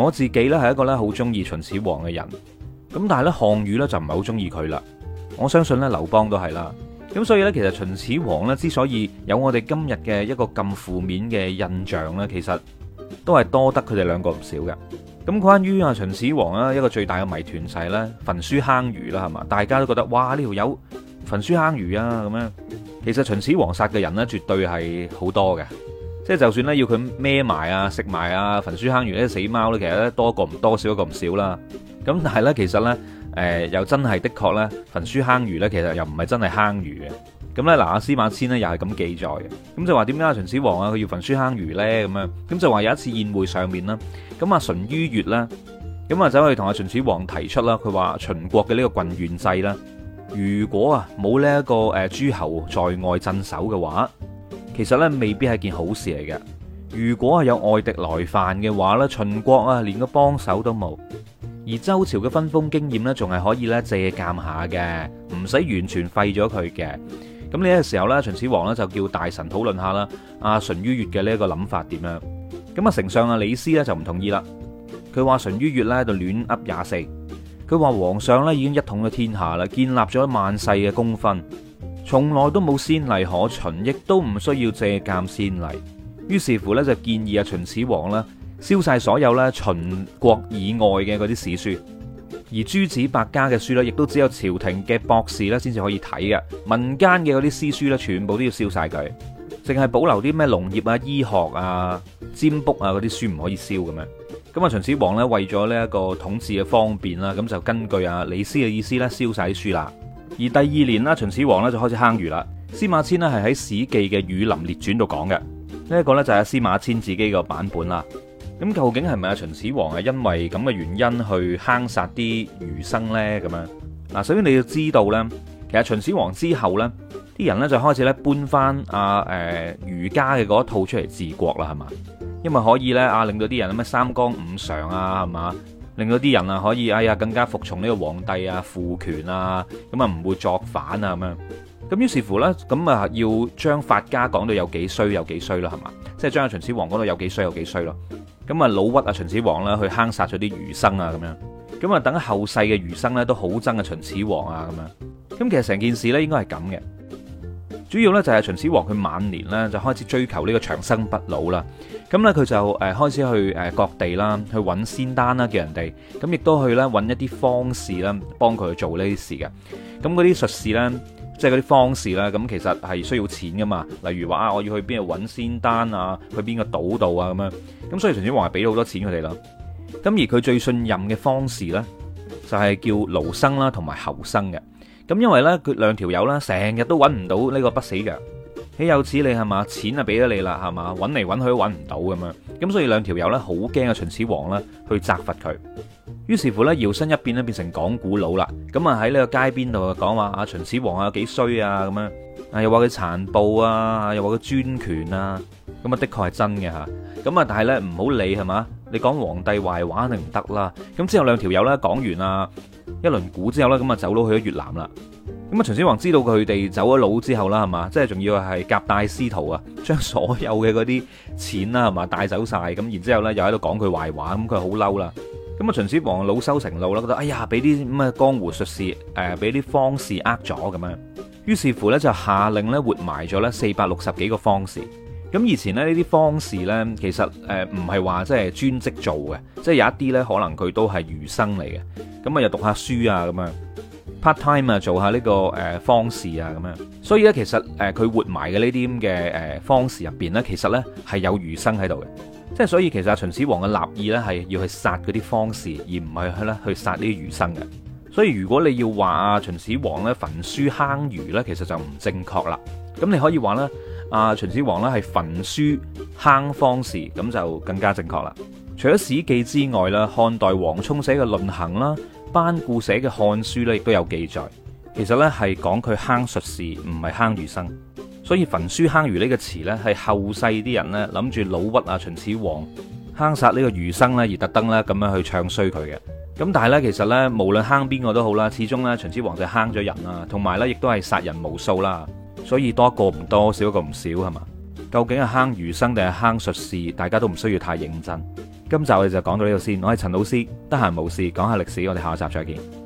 我自己咧係一個咧好中意秦始皇嘅人，咁但係咧項羽咧就唔係好中意佢啦。我相信咧劉邦都係啦，咁所以咧其實秦始皇咧之所以有我哋今日嘅一個咁負面嘅印象咧，其實都係多得佢哋兩個唔少嘅。咁關於啊秦始皇啊一個最大嘅謎團就係咧焚書坑儒啦，係嘛？大家都覺得哇呢條友焚書坑儒啊咁樣，其實秦始皇殺嘅人咧絕對係好多嘅。即係就算咧，要佢孭埋啊、食埋啊、焚書坑儒呢啲死貓咧，其實咧多一個唔多，少一個唔少啦。咁但係咧，其實咧，誒、呃、又真係的，的確咧，焚書坑儒咧，其實又唔係真係坑儒嘅。咁咧嗱，阿司馬遷咧又係咁記載嘅。咁就話點解秦始皇啊，佢要焚書坑儒咧？咁樣咁就話有一次宴會上面啦，咁阿淳於越咧，咁啊走去同阿秦始皇提出啦，佢話秦國嘅呢個郡縣制啦，如果啊冇呢一個誒諸侯在外鎮守嘅話。其實咧未必係件好事嚟嘅。如果係有外敵來犯嘅話咧，秦國啊連個幫手都冇，而周朝嘅分封經驗咧仲係可以咧借鑒下嘅，唔使完全廢咗佢嘅。咁呢個時候咧，秦始皇咧就叫大臣討論一下啦。阿淳于越嘅呢一個諗法點樣？咁啊，丞相阿李斯咧就唔同意啦。佢話淳于越咧就亂噏廿四。佢話皇上咧已經一統咗天下啦，建立咗萬世嘅功勳。從來都冇先例可循，亦都唔需要借鑒先例。於是乎咧，就建議啊秦始皇咧，燒晒所有咧秦國以外嘅嗰啲史書，而諸子百家嘅書咧，亦都只有朝廷嘅博士咧，先至可以睇嘅。民間嘅嗰啲詩書咧，全部都要燒晒佢，淨係保留啲咩農業啊、醫學啊、占卜啊嗰啲書唔可以燒咁樣。咁啊秦始皇咧為咗呢一個統治嘅方便啦，咁就根據啊李斯嘅意思咧，燒晒啲書啦。而第二年啦，秦始皇咧就開始坑儒啦。司馬遷咧係喺《史記》嘅《儒林列傳》度講嘅，呢一個咧就係司馬遷自己個版本啦。咁究竟係咪阿秦始皇係因為咁嘅原因去坑殺啲儒生呢？咁樣嗱，首先你要知道呢，其實秦始皇之後呢，啲人呢，就開始咧搬翻阿誒儒家嘅嗰一套出嚟治國啦，係嘛，因為可以呢，啊，令到啲人咩三綱五常啊，係嘛。令到啲人啊可以哎呀更加服從呢個皇帝啊，父權啊，咁啊唔會作反啊咁樣。咁於是乎呢，咁啊要將法家講到有幾衰有幾衰啦，係嘛？即係將秦始皇講到有幾衰有幾衰咯。咁啊老屈啊秦始皇啦，去坑殺咗啲儒生啊咁樣。咁啊等後世嘅儒生咧都好憎啊秦始皇啊咁樣。咁其實成件事呢，應該係咁嘅。主要呢，就係秦始皇佢晚年呢，就開始追求呢個長生不老啦，咁呢，佢就誒開始去各地啦，去揾仙丹啦，叫人哋咁亦都去呢揾一啲方士啦，幫佢去做呢啲事嘅。咁嗰啲術士呢，即係嗰啲方士啦，咁其實係需要錢噶嘛。例如話啊，我要去邊度揾仙丹啊，去邊個島度啊咁樣。咁所以秦始皇係俾咗好多錢佢哋啦。咁而佢最信任嘅方士呢，就係叫盧生啦同埋侯生嘅。咁因為呢佢兩條友呢，成日都揾唔到呢個不死藥，豈有此理係嘛？錢啊俾咗你啦係嘛？揾嚟揾去都揾唔到咁樣，咁所以兩條友呢，好驚啊秦始皇呢去責罰佢。於是乎呢，搖身一變呢變成講古佬啦。咁啊喺呢個街邊度講話啊秦始皇啊幾衰啊咁樣，又話佢殘暴啊，又話佢專權啊。咁啊的確係真嘅嚇。咁啊但係呢，唔好理係嘛，你講皇帝壞話肯定唔得啦。咁之後兩條友呢，講完啦。一輪股之後啦，咁啊走佬去咗越南啦。咁啊，秦始皇知道佢哋走咗佬之後啦，係嘛？即係仲要係夾帶私逃啊，將所有嘅嗰啲錢啦，係嘛，帶走晒。咁然之後呢又喺度講佢壞話，咁佢好嬲啦。咁啊，秦始皇老羞成怒啦，覺得哎呀，俾啲咁啊江湖術士誒，俾、呃、啲方士呃咗咁樣。於是乎呢，就下令呢，活埋咗呢四百六十幾個方士。咁以前呢，呢啲方士呢，其實誒唔係話即係專職做嘅，即、就、係、是、有一啲呢，可能佢都係餘生嚟嘅。咁啊，又讀下書啊，咁樣 part time 啊，做下呢個誒方式啊，咁樣。所以咧，其實誒佢活埋嘅呢啲咁嘅誒方士入面咧，其實咧係有儒生喺度嘅。即係所以，其實秦始皇嘅立意咧係要去殺嗰啲方士，而唔係咧去殺啲儒生嘅。所以如果你要話啊，秦始皇咧焚書坑儒咧，其實就唔正確啦。咁你可以話咧，呃，秦始皇咧係焚書坑方士，咁就更加正確啦。除咗《史記》之外啦，漢代王充寫嘅《論衡》啦，班固寫嘅《漢書》咧，亦都有記載。其實咧係講佢坑術士，唔係坑儒生，所以焚書坑儒呢個詞咧係後世啲人咧諗住老屈啊，秦始皇坑殺呢個儒生咧而特登咧咁樣去唱衰佢嘅。咁但係咧，其實咧無論坑邊個都好啦，始終咧秦始皇就坑咗人啦，同埋咧亦都係殺人無數啦，所以多一個唔多，少一個唔少係嘛？究竟係坑儒生定係坑術士？大家都唔需要太認真。今集我哋就講到呢度先，我係陳老師，得閒無事講下歷史，我哋下集再見。